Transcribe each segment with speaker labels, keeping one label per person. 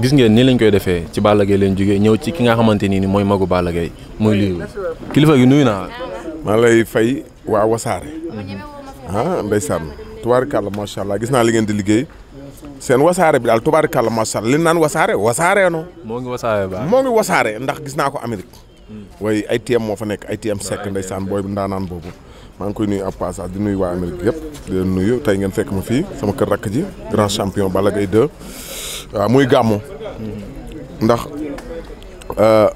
Speaker 1: gis ngeen nii lañ koy defee ci Balla leen jógee ñëw ci ki nga xamante nii ni mooy magu Balla Gaye muy lii kilifa gi nuyu naa maa lay fay waa wasaare ah ndeysaan
Speaker 2: tubaarkàlla macha allah gis naa li ngeen di liggéey seen wasaare bi daal tubaarkàlla macha allah li naan wasaare wasaare no moo ngi wasaare ba moo ngi wasaare ndax gis naa ko Amérique hmm. way ay TM moo fa nekk ay TM sekk ndeysaan booy bu ndaanaan boobu maa ngi koy nuyu en passage di nuyu waa yëpp di tey ngeen fekk ma fii sama kër rakk ji grand champion Balla Gaye waaw muy gàmmu ndax euh,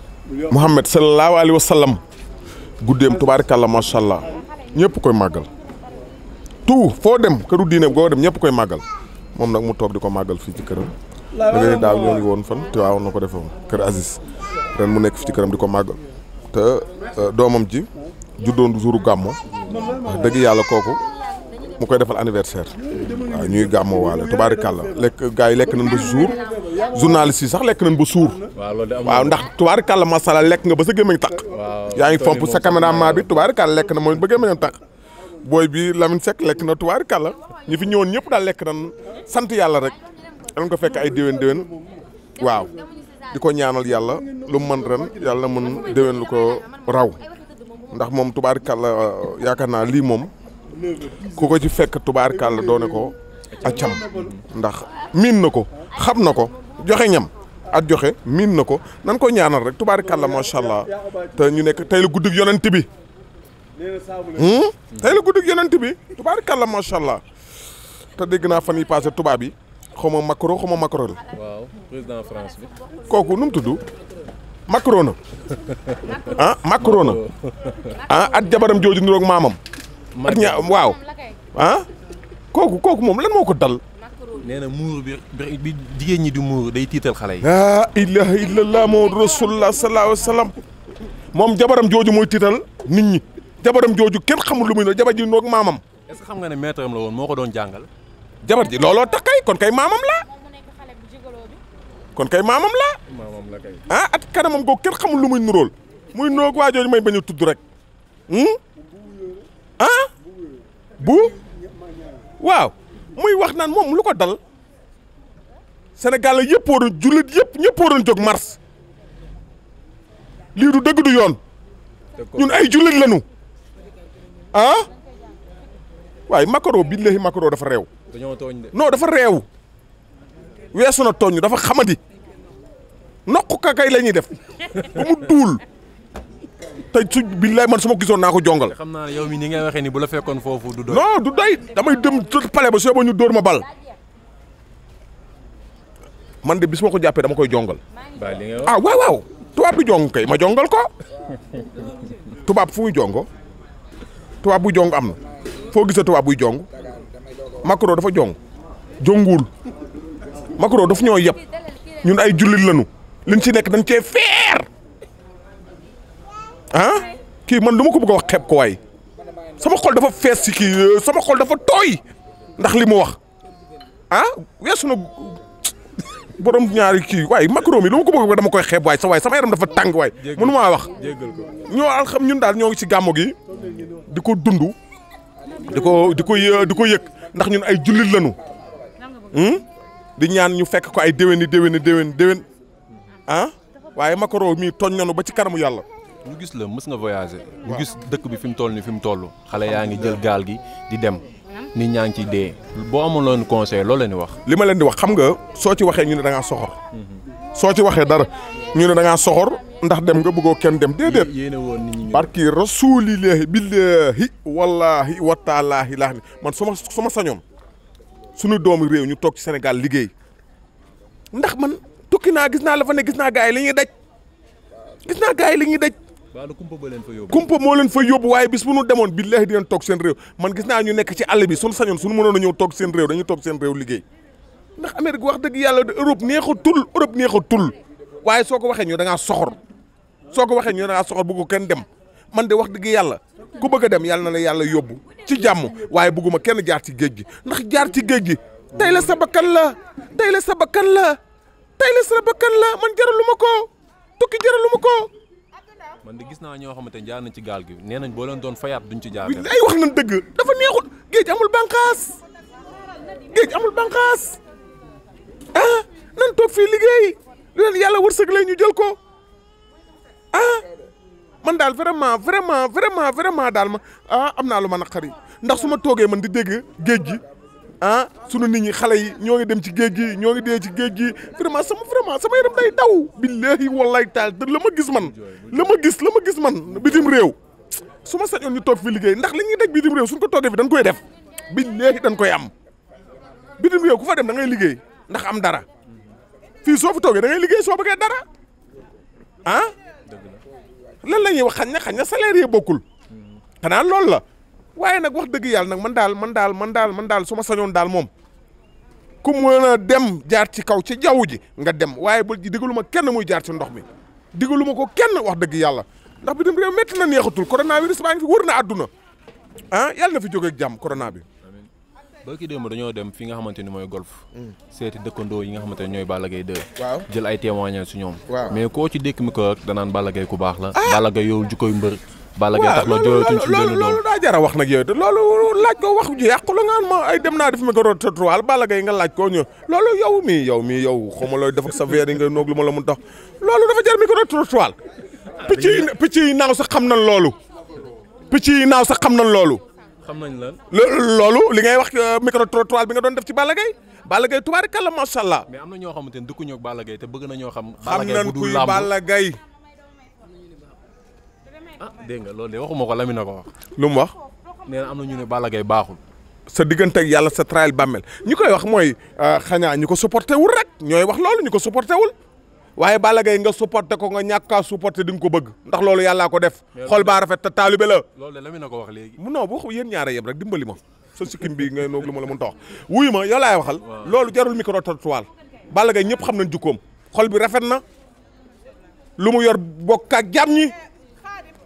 Speaker 2: Muhammad sallallahu alayhi wa sallam guddeem tubaarikàlla macha allah ñëpp koy màggal tout foo dem këru diine goo dem ñëpp koy màggal moom nag mu toog di ko màggal fii ci këram
Speaker 1: da nga ne daaw ñoo
Speaker 2: ngi woon fan te waaw na ko defee kër Aziz ren mu nekk fii ci këram di ko màggal te euh, doomam ji juddoon du jouru gàmmu dëgg yàlla kooku mu koy defal anniversaire waaw ñuy gàmmoo waale tubaarikàlla lekk gars yi lekk nañ ba suur journaliste yi sax lekk nañ ba suur waaw ndax tubaarikàlla masala lekk nga ba sa gémmañ taq yaa ngi fomp sa caméraman bi tubaarikàlla lekk na moom ba gémmañam taq booy bi Lamine Seck lekk na tubaarikàlla ñu fi ñëwoon ñëpp daal lekk nañ sant yàlla rek dañ ko fekk ay déwén déwén waaw di ko ñaanal yàlla lu mu mën ren yàlla mën déwén lu ko raw ndax moom kàll yaakaar naa lii moom ku ko ci fekk tubaarkàlla doone ko acam ndax miin na ko xam na ko joxe ñam at joxe miin na ko nan ko ñaanal rek tubaarkàlla macha allah te ñu nekk tey la guddig yonent bi hmm? tey la guddig yonent bi tubaarkàlla macha allah te dégg naa fan yi passé tubaab yi xaw ma Macron xaw ma Macron la. kooku nu mu tudd Macron na ah Macron na ah at jabaram jooju niroog maamam. ak ña waaw ah kooku kooku moom lan moo ko dal.
Speaker 1: nee na muur bi bi jigéen ñi di muur day tiital xale yi.
Speaker 2: laa ilaaha illallah Muhammadu rasulullah sallallahu alayhi wa moom jabaram jooju mooy tiital nit ñi jabaram jooju kenn xamul lu muy ne jabar ji noog maamam.
Speaker 1: xam nga ne moo ko doon jàngal. jabar ji looloo tax kon kay maamam la
Speaker 2: kon kay maamam la
Speaker 1: maamam la kay. ah at
Speaker 2: kanamam googu kenn xamul lu muy nuróol muy noog waa jooju may bañ a rek. Hmm? ah bu waaw muy wax naan moom lu ko dal Sénégal la yëpp waroon jullit yëpp ñëpp waroon jóg mars lii du dëgg du yoon ñun ay jullit lañu ah waaye Macron billahi Macron dafa réew noo dafa réew weesu na tooñ dafa xamadi noq kakay la ñuy def ba mu duul tey su billaay man su ma gisoon naa ko jongal.
Speaker 1: xam naa yow mii ni nga waxee ni la fekkoon foofu du doy. non
Speaker 2: du doy damay dem jot pale ba soo ba ñu dóor ma bal. man de bis ma ko jàppee dama koy jongal. ah waaw waaw tubaab bi jong kay ma jongal ko. tubaab fu muy jongo tubaab buy jong am na foo gisee tubaab buy jong Macron dafa jong jonguwul Macron daf ñoo yeb ñun ay jullit lañu liñ ci nekk dañ cee fee. ah kii man lu ma ko bëgg a wax xeeb ko waay sama xol dafa fees si kii euh, sama xol dafa tooy ndax li ma wax ah weesu na borom ñaari kii waaye macro lu ma ko bëgg dama koy xeeb waay sa waay sama yaram dafa tàng waay mënu maa wax ñoo alxam ñun daal ñoo ngi si gàmmo gi di ko dund di ko di ko di ko yëg ndax ñun ay jullit lañu hmm? di ñaan ñu fekk ko ay déwéni déwéni déwén
Speaker 1: déwén ah waaye macro mi tooñ nanu ba ci kanamu yàlla ñu gis la mës nga voyager ñu gis dëkk bi fi mu toll ni fi mu toll xale yaa ngi jël gaal gi di dem nit ñaa ngi ciy dee boo amoon loon conseil loolu leen ñu wax li ma leen di wax xam nga soo ci waxee ñu ne da ngaa soxor
Speaker 2: soo ci waxee dara ñu ne dangaa ngaa soxor ndax dem nga buggoo kenn dem déedéet barki rasulillahi billahi wallahi wataalaahi laax ni man su ma su ma sañoon suñu doomu réew ñu toog ci senegal liggéey ndax man tukki naa gis naa la fa ne gis naa gars yi li ñuy daj gis naa gars
Speaker 1: wala kumpa ba leen fa yóbbu
Speaker 2: kumpa moo leen fa yóbbu waaye bis bu nu demoon billaahi di leen toog seen réew man gis naa ñu nekk ci àll bi suñu sañoon suñu mënoon a ñëw toog seen réew dañuy toog seen réew liggéey ndax Amérique wax dëgg yàlla Europe neexatul Europe neexatul waaye soo ko waxee ñu da ngaa soxor soo ko waxee ñu da ngaa soxor bu ko kenn dem man de wax dëgg yàlla ku bëgg dem yàlla na la yàlla yóbbu ci jàmm waaye bëgguma kenn jaar ci géej gi ndax jaar ci géej gi la sa bakkan la tey la sa bakkan la tey la sa bakkan la man ko tukki jaraluma ko
Speaker 1: man de gis naa ñoo xamante ne jaar nañ ci gaal gi nee nañ boo leen doon fayaat duñ ci jaar. ay wax nañ dëgg
Speaker 2: dafa neexul géej amul bànqaas géej amul bànqaas ah nan toog fii liggéey lu leen yàlla wërsëg la ñu jël ko ah man daal vraiment vraiment vraiment vraiment daal ma ah am naa lu ma naqari ndax su ma toogee man di dégg géej gi. ah sunu nit ñi xale yi ñoo ngi dem ci géej gi ñoo ngi dee ci géej gi vraiment sama vraiment sama yaram day daw. billahi wallahi taal la ma gis man la ma gis la ma gis man bitim réew su ma sañoon ñu toog fi liggéey ndax li ñuy daj bitim réew suñ ko toogee fi dañ koy def billahi dañ koy am bitim réew ku fa dem da ngay liggéey ndax am dara fii soo fi toogee da ngay liggéey soo bëggee dara ah. lan la ñuy wax xañ na xañ na salaire yi bokkul xanaa loolu la. waaye nag wax dëgg yàlla nag man daal man daal man daal man daal su ma sañoon daal moom ku mën a dem jaar ci kaw ci jaww ji nga dem waaye ba digalu ma kenn muy jaar ci ndox mi digalu ma ko kenn wax dëgg yàlla ndax bitim réew métti na neexatul coronavirus baa ngi fi wër na àdduna ah yàlla na fi jógeeg jàmm corona bi.
Speaker 1: ba dem démb dañoo dem fi nga xamante ni mooy golf seeti dëkkandoo yi nga xamante ne ñooy Balla Gaye 2 waaw jël ay témoignage su ñoom mais koo ci dékk mi ko rek danaan Balla Gaye ku baax la ah! Balla Gaye yow jukkoy mbër Balla Gaye tax loolu jooyatuñ ci benn loolu daa jara wax nag yooyu te loolu
Speaker 2: laaj ko wax ju yàqu la ma ay dem naa def micro trottoir nga laaj ko ñu loolu yow mii yow mii yow xaw ma looy def ak sa verre yi nga noog lu ma la mun tax loolu dafa jar micro trottoir picc yi picc yi naaw sax xam na loolu picc yi naaw sax xam nañ loolu
Speaker 1: xam nañ lan loolu li ngay wax
Speaker 2: euh, micro trottoir bi nga doon def ci Balla Gaye Balla kala tubaarikàlla macha
Speaker 1: mais am na ñoo xamante ne dëkkuñu ñëw Balla Gaye te bëgg na ñoo xam Balla Gaye bu dul làmb xam nañ kuy ah dégg nga loolu de waxuma ko Lamine na ko wax. lu mu wax. nee am na ñu ne Balla Gaye baaxul.
Speaker 2: sa diggante yàlla sa trial bàmmel ñi koy wax mooy euh, xanaa ñi ko supporté wul rek ñooy wax loolu ñi ko supporté wul waaye Balla Gaye nga supporté ko nga ñàkk a supporté di nga ko bëgg ndax loolu yàllaa ko def. xol baa rafet te taalibe la.
Speaker 1: loolu de Lamine na wax léegi.
Speaker 2: non bu yéen ñaare yëpp rek dimbali ma sa sikkim bi nga noog lu ma la mën ta wax wuyu ma yow laay waxal. loolu jarul micro a Balla Gaye ñëpp xam nañ jukkoom xol bi rafet na lu mu yor bokk ak jàmm ñi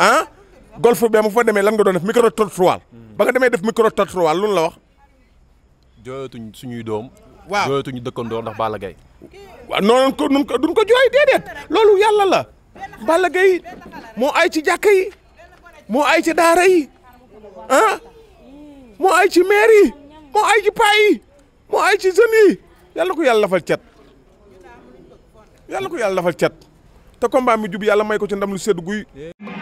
Speaker 2: ah golf bee ma fa demee lan nga doon def micro trottoir ba nga demee def micro trottoir lu la wax.
Speaker 1: jooyatuñ suñuy doom. waaw jooyatuñ dëkkandoo ndax Balla Gaye. waaw noonu ko nun ko duñ ko jooy déedéet loolu yàlla la Balla Gaye moo ay ci jàkka yi
Speaker 2: moo ay ci daara yi ah moo ay ci maire moo ay ci paa moo ay ci jeunes yàlla ko yàlla lafal cet yàlla ko yàlla lafal cet te combat mi jub yàlla may ko ci ndam lu sedd guy